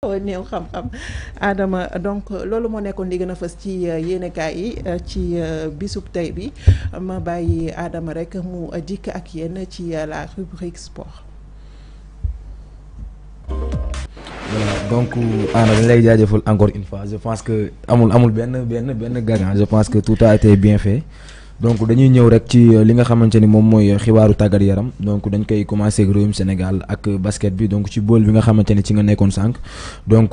Oh, néew xam-xam Adama donc loolu moo nekkoon li gën a fës ci euh, yéenekaay yi euh, ci euh, bisub tey bi ma bàyyi Adama rek mu dikk ak yéen ci la rubrique sport. donc ana dañ lay jaajëfal encore une fois je pense que amul amul benn benn benn gagnant je pense que tout a été bien fait donc dañuy ñëw rek ci euh, li nga xamante ni moom mooy euh, xibaaru tàggat yaram donc dañ koy commencé ak réewum Sénégal ak euh, basket bi donc ci bool bi nga xamante ni ci nga nekkoon sànq donc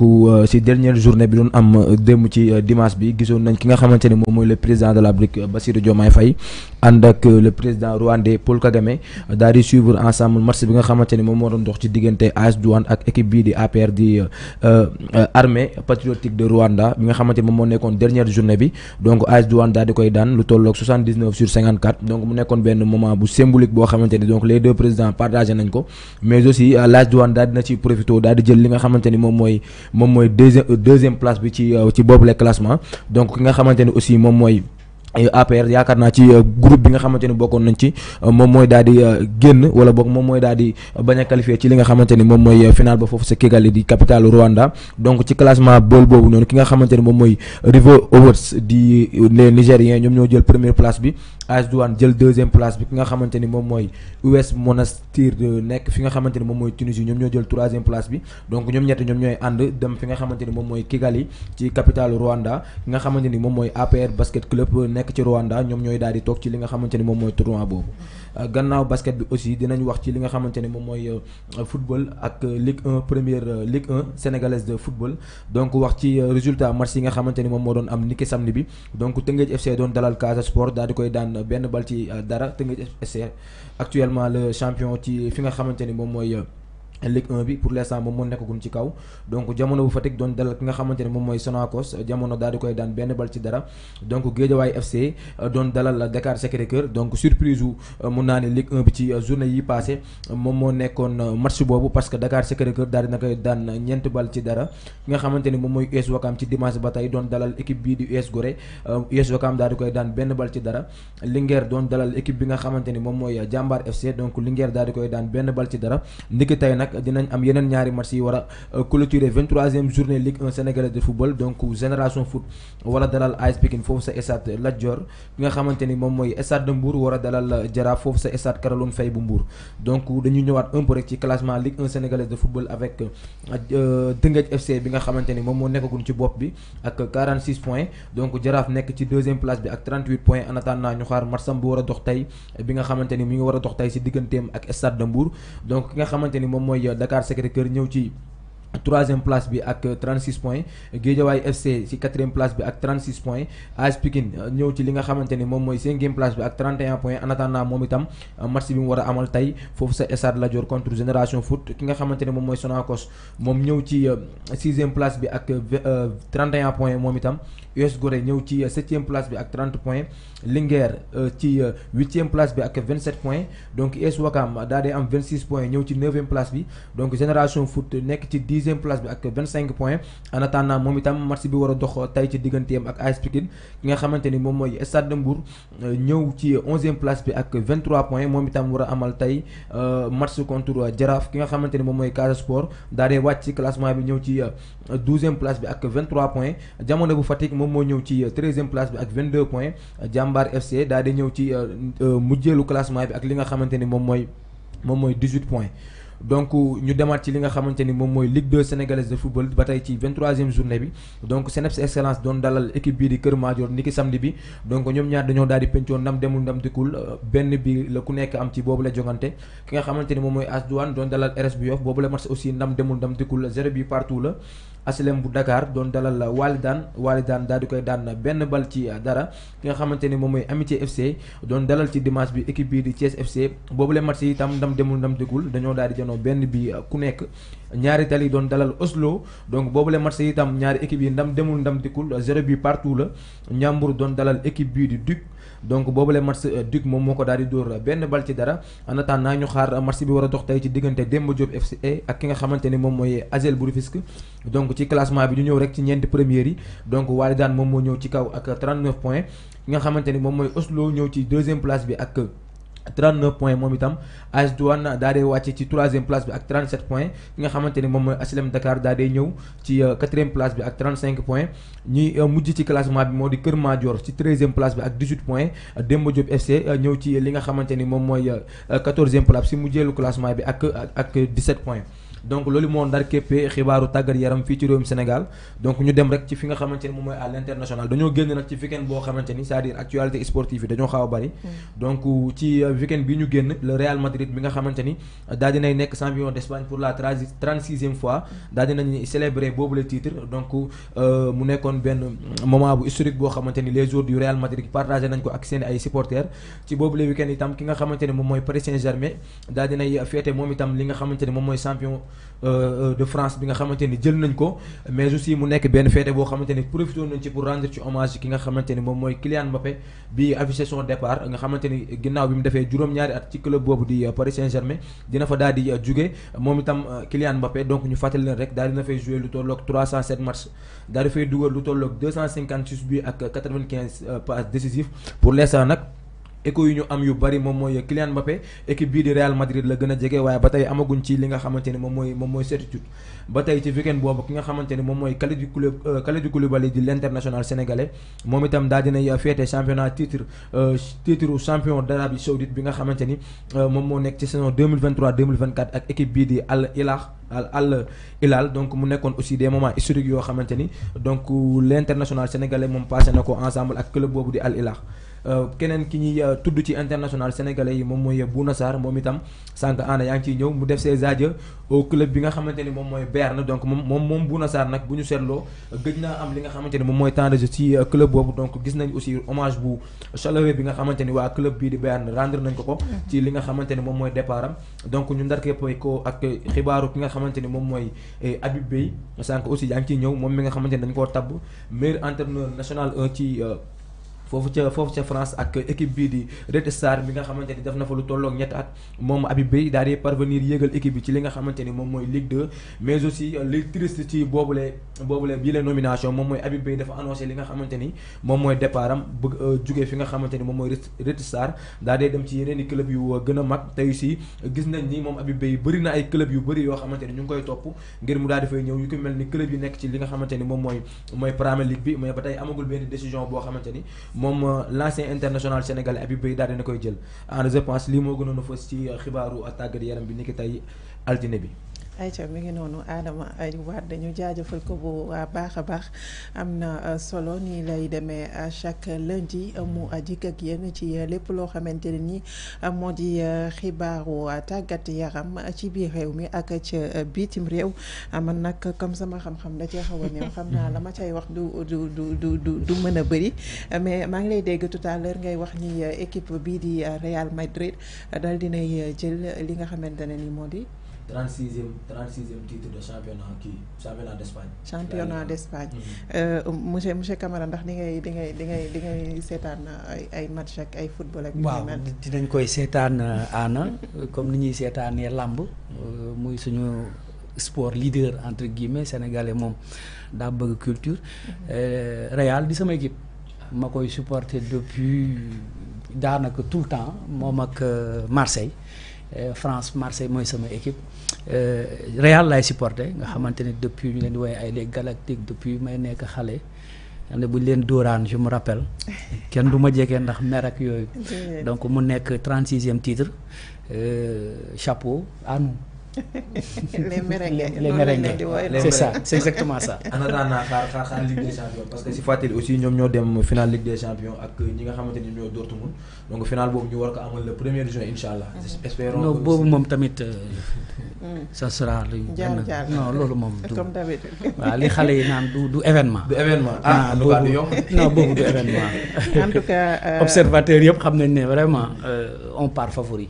si dernière journée bi doon am démb ci dimanche bi gisoon nañ ki nga xamante ni moom mooy le président de la brique Bassirou Diomaye Faye ànd ak le président rwandais Paul Kagame daal di suivre ensemble match bi nga xamante ni moom moo doon dox ci diggante AS Douane ak équipe bii di APR di armée patriotique de Rwanda bi nga xamante ni moom moo nekkoon dernière journée bi donc AS Douane daal di koy daan lu tolloog 70 sur 54 donc mu nekkoon benn moment bu symbolique boo xamante donc les deux présidents partagé nañ ko mais aussi à euh, l'âge daal dina ci profité daal di jël li nga euh, deuxième place bi ci euh, le classement donc nga aussi moom Euh, APR yaakaar naa ci euh, groupe bi nga xamante ni bokkoon nañ ci euh, moom mooy daal di génn wala boog moom mooy daal di bañ a qualifié ci li nga xamante moom mooy final ba foofu sa Kigali di capitale Rwanda donc ci classement boobu noonu ki nga xamante moom mooy River Monastir nekk fi nga xamante moom mooy Tunisie ñoom ñoo jël troisième place bi donc ñoom ñett ñoom ñooy ànd dem fi nga xamante moom mooy Kigali ci capitale Rwanda ki nga xamante moom nekk ci Rwanda ñom ñoy daal di toog ci li nga xamanteni mom moy tournoi bobu euh, gannaaw basket bi aussi dinañ wax ci li nga xamanteni mom moy euh, football ak euh, Ligue 1 première Ligue 1 sénégalaise de football donc wax ci résultat match yi nga xamanteni mom mo doon am niki samedi bi donc Tëngéej FC doon dalal Casa Sport daal di koy daan benn bal ci dara Tëngéej FC actuellement le champion ci fi nga xamanteni mom moy Ligue 1 bi pour l'instant moom moo nekkagum ci kaw donc jamono bu Fatick doon dalal ki nga xamante ne moom mooy Sonacos jamono daal di koy daan benn bal ci dara donc Guédiawaye FC euh, doon dalal Dakar Sacré-Cœur donc surprise wu euh, mun naa ne Ligue 1 bi ci euh, journée yi passé moom moo nekkoon match boobu parce que Dakar Sacré-Cœur daal dina koy daan ñeent bal ci dara ki nga xamante ne moom mooy US Ouakam ci dimanche ba tey doon dalal équipe bii di US Gorée US Ouakam daal di koy daan benn bal ci dara Linguère doon dalal équipe bi nga xamante ni moom mooy Jambar FC donc Linguère daal di koy daan benn bal ci dara ndiki tey nag nag dinañ am yenen ñaari match yi wara euh, clôturer 23e journée Ligue 1 sénégalaise de football donc génération foot wala dalal AS Pikine fofu sa stade Ladjor bi nga xamanteni mom moy mooy stade de Mbour wara dalal euh, Jaraaf fofu sa stade Caroline Fay bu Mbour donc dañu ñëwaat un peu rek ci classement Ligue 1 sénégalaise de football avec euh, Teungueth FC bi nga xamanteni mom mo moo ci bop bi ak 46 points donc Jaraaf nekk ci 2e place bi ak 38 points en attendant ñu xaar marsam bu wara dox tay bi nga xamanteni ni mu ngi wara dox tay ci digganteem ak stade de Mbour donc nga xamanteni mom moom mooy Dakar Sacré-Cœur ñëw ci troisième place bi ak 36 points Guédiawaye FC ci quatrième place bi ak 36 points AS Pikine euh, ñëw ci li nga xamanteni mom moy 5e place bi ak 31 points en attendant mom itam euh, match bi mu wara amal tay fofu sa Ladior contre Génération Foot ki nga xamanteni mom moy Sonacos ñëw ci e place bi ak 31 points mom itam US Gorée ñëw ci septième place bi ak 30 points Lingère ci e place bi ak 27 points donc US Wakam daa dee am 26 points ñëw ci neuvième place bi donc Génération Foot nekk ci e place avec 25 points en attendant moom itam match bi war a dox tey ci digganteem ak AS est ki nga euh, ci 11e place bi ak 23 points moom itam war a amal tey euh, match contre Jaraaf ki nga xamante ni moom Casa Sport classement bi ñëw ci 12e euh, place avec 23 points jamono de Fatick moom moo ci 13e place avec 22 points Jambar FC daa di ñëw ci mujjeelu classement bi ak li nga xamante ni moom 18 points. donc ñu demaat ci li nga xamante ni moom mooy Ligue 2 sénégalaise de football ba tey ci 23e journée bi donc CNEPS Excellence doon dalal équipe bii di Kër Madior niki samedi bi donc ñoom ñaar dañoo daal di pencoo ndam demul ndam dikkul euh, benn bi la ku nekk am ci boobu la jongante ki nga xamante ni moom mooy AS Douanes doon dalal RS bu Yoff boobu la match aussi ndam demul ndam dikkul zéro bi partout la HLM bu Dakar doon dalal Walidaan Walidaan daal di koy daan benn bal ci dara ki nga xamante ni moom mooy Amitié FC doon dalal ci dimanche bi équipe bii di Thiès FC la match yi itam ndam demul ndam dégul dañoo daal di janoo benn bi uh, ku nekk ñaari tali doon dalal Oslo donc boobule match yi itam ñaari équipe yi ndam demul ndam dégul zéro bi partout la Ndiambour doon dalal équipe bii di Duc donc boobu le match euh, moom moo ko daal di dóor benn bal ci dara en naa ñu xaar match bi war a dox tey ci diggante Demba Diop FC ak ki nga xamante ni moom mooy Asel bu Rufisque donc ci classement bi ñu ñëw rek ci ñeenti première yi donc daan moom moo ñëw ci kaw ak 39 points ki nga xamante ni moom mooy Oslo ñëw ci deuxième place bi ak 39 points moom itam AS Douane daa dee wàcce ci troisième place bi ak 37 points ki nga xamante ni moom mooy HLM Dakar daa dee ñëw ci euh, quatrième place bi ak 35 points ñi euh, mujj ci classement bi moo di Kër Madior ci treizième place bi ak 18 points Demba Diop FC euh, ñëw ci li nga xamante ni moom mooy quatorzième place si mujjeelu classement bi ak ak 17 points donc loolu moo ndar képpee xibaaru tàggat yaram fii ci réewum Sénégal donc ñu dem rek ci fi nga xamante ni moom mooy à l'international dañoo génn nag ci weekend boo xamante ni c'est-à-dire actualité sportive yi dañoo xaw a bari. Mm. donc ci weekend bi ñu génn le Real Madrid bi nga xamante ni daal dinay nekk champion d'Espagne pour la trente sixième fois daal dinañ célébrer boobu le titre donc euh, mu nekkoon benn moment bu historique boo xamante ni les jours du Real Madrid partagé nañ ko ak seen ay supporters ci boobu le weekend itam ki nga xamante ni moom mooy Paris Saint-Germain daal dinay fêter moom itam li nga xamante ni moom mooy champion euh, euh, de France bi nga xamanteni jël nañ ko mais aussi mu nek ben fête bo xamanteni profiter profité nañ ci pour rendre ci hommage ki nga xamanteni mom moy Kylian Mbappé bi affiché son départ nga xamanteni ginnaw bi mu defee juroom ñaari at ci club bobu di euh, Paris Saint-Germain dina fa daal di jóge moom itam Kylian Mbappé donc ñu fatel leen rek daal dina fay jouer lu tolloog 307 matchs daal di fay duggal lu tolloog 256 buts ak 95 passes décisives pour l'instant nak écho yu ñu am yu bari moom mooy Kylian Mbappé équipe bii di Real Madrid la gën a jege waaye ba tey amaguñ ci li nga xamante ni moom mooy moom mooy certitude ba tey ci weekend boobu ki nga xamante moom mooy Kalidou Koulibaly euh, Kalidou Koulibaly di l'international sénégalais moom itam daa dinay féete championnat titre euh, titre champion d'Arabie Saoudite bi nga xamante ni euh, moom moo nekk ci saison 2023 2024 ak équipe bii di Al Hilal al al donc mu nekkoon aussi des moments historiques yoo xamante ni donc l' international sénégalais moom passé na ko ensemble ak club boobu di al ilal euh, keneen ki ñuy euh, tudd ci international sénégalais yi moom mooy Bouna nasar moom itam sànq ana yaa ngi ciy ñëw mu def ses adieux au club bi nga xamante ni moom mooy Bayern donc moom moom moom Bouna Sarr nag bu ñu seetloo gëj naa am li nga xamante ni moom mooy temps de jeu ci euh, club boobu donc gis nañ aussi hommage bu chaleureux bi nga xamante ni waa club bii di Bayern rendre nañ ko ko mm-hmm. ci li nga xamante ni moom mooy départ am donc ñu ndarkeepoy ko ak xibaaru ki nga xamante ni moom mooy eh, Habib Beye sànq aussi yaa ngi ciy ñëw moom mi nga xamante ni dañ koo tabb meilleur entraîneur national 1 euh, ci euh, foofu ca foofu ca France ak équipe bii di Red bi nga xamante ni def na fa lu tolloog ñetti at moom Habib Beye daal di parvenir yéegal équipe bi ci li nga xamante ni moom mooy Ligue 2 mais aussi euh, li triste ci boobule boobule bii la nomination moom mooy Habib Beye dafa annoncé li nga xamante ni moom mooy départ am bëgg euh, jugee fi nga xamante moom mooy Red Star daal di dem ci yeneen i club yu euh, gën a mag tey si gis nañ ni moom Habib Beye bëri na ay club yu bëri yoo xamante ni ñu ngi koy topp ngir mu daa di ñëw yu ko mel ni club nekk ci li nga xamante ni moom mooy mooy Premier League ba tey amagul benn décision boo xamante ni moom l'ancien international sénégal abib Beye daal dina koy jël en je pense lii moo gënoon a fës ci xibaaru tàggat yaram bi niki tey altine bi ay ayca mi ngi noonu Adama ay waat dañu jaajëfal ko bu ah, baax a baax am na ah, solo nii lay demee ah, chaque lundi mu dikk ak yéen ci lépp loo xamante ne nii moo di xibaaru tàggat yaram ci biir réew mi ak ca biitim réew man nag comme sama xam-xam da cee xaw xam naa la ma cay wax du du du du du mën a bëri mais maa ngi lay dégg tout à ngay wax ni équipe bii di Real Madrid dal dinay jël li nga xamante ne nii moo di. 36e 36e titre de championnat kii championnat d' Espagne. championnat d' Espagne. Mhm. Euh, monsieur monsieur Camara ndax di ngay di ngay di ngay seetaan euh, ay ay match ak ay football ak. waaw dinañ koy seetaan euh, ana comme ni ñuy seetaanee làmb. muy suñu sport leader entre guillemets sénégalais moom daa bëgg culture. Mhm. Real di sama équipe. ma koy supporter depuis daanaka tout le temps moom ak Marseille. Euh, France Marseille mooy sama équipe euh, Real laay supporté nga xamante ne depuis ñu leen di ay les Galactiques depuis may nekk xale xam ne bu ñu leen je me rappelle kenn du ma jege ndax mer ak yooyu donc mu nekk 36ème titre euh, chapeau à nous les merengues les merengues c'est ça c'est exactement ça. en attendant xaar xaar Ligue des champions parce que si Fatil aussi ñoom ñoo dem final Ligue des champions ak ñi nga xamante ni ñoo Dortmund donc final boobu ñu war ko amal le premier juin incha mm. espérons non boobu moom tamit. Euh, mm. ça sera lu. non loolu moom du. comme d'habitude waaw li xale yi naan du événement. du événement ah, ah boobu non boobu du événement. en tout cas euh, observateur yëpp xam nañ vraiment euh, on part favori.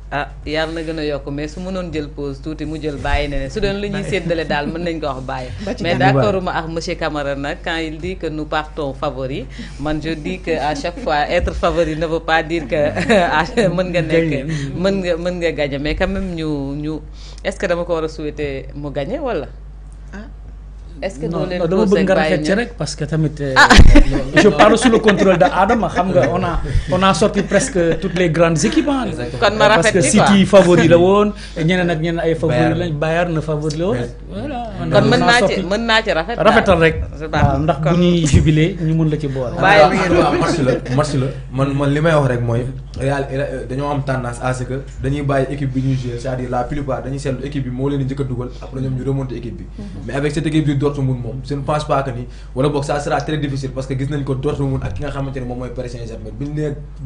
ah yàlla na gën a yokk mais su mënoon jël pause tuuti mu jël bàyyi ne su doon lu ñuy séddale daal mën nañ ko wax bàyyi mais d'accord ma ak monsieur Camara nag quand il dit que nous partons favori man je dis que à chaque fois être favori ne veut pas dire que mën nga nekk mën nga mën nga gagner mais quand même ñu ñu est-ce que dama ko war a souhaiter mu gagner wala ah est-ce que doo leen. dama bëgg nga rafet rek parce que tamit. Ah. je parle sous le contrôle de Adama xam nga on a on a sorti presque toutes les grandes équipes kon ma rafet parce que City favori la woon. ñeneen ak ñeneen ay favori lañ Bayern na favori la voilà kon mën naa ci mën naa ci rafet. rafetal rek waaw ndax bu ñuy jubilé ñu mun la ci boole. bàyyi la ngeen la man man li may wax rek mooy. Real dañoo am tendance à ce que dañuy bàyyi équipe bi ñuy jouer c'est-à-dire la plupart dañuy seetlu équipe bi moo leen di njëkk après ñoom ñu remonter équipe bi mhm. mais avec cette équipe bi Dortmund moom je ne pense pas que ni wala bok ça sera très difficile parce que gis nañ ko Dortmund ak ki nga xamanteni mom moy Paris Saint-Germain bi ñu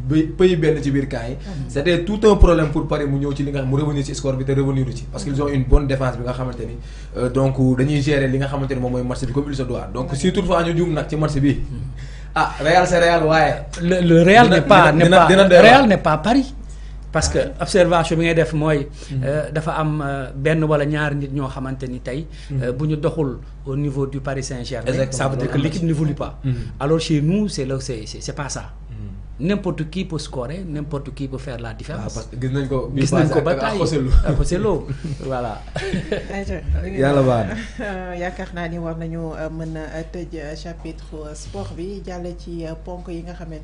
nee pays ci bir camp mhm. c'était tout un problème pour Paris mu ñëw ci li nga mu revenir ci score bi te revenir ci parce qu'ils ont une bonne défense bi nga xamanteni euh, donc dañuy gérer li nga xamanteni mom moy match bi comme il se doit donc si toutefois ñu joom nak ci match bi mhm. ah Real c'est Real waaye le Real n'est pas n'est pas Real n'est pas Paris parce que observation bi ngay def mooy. Euh, dafa am euh, benn wala ñaar nit ñoo xamante ni tey. Mm. Euh, bu ñu doxul au niveau du Paris Saint-Germain. exactement ça veut dire que l'équipe n'évolue pas. Mm. alors chez nous c'est le c'est c'est pas ça. Mm. n'importe qui peut scorer n'importe qui peut faire la différence. Ah parce que gis nañ ko. gis nañ ko ba taay ak Ocelo voilà. yàlla baax na yaakaar naa ni war nañu mën a tëj chapitre sport bi jàll ci ponk yi nga xamante.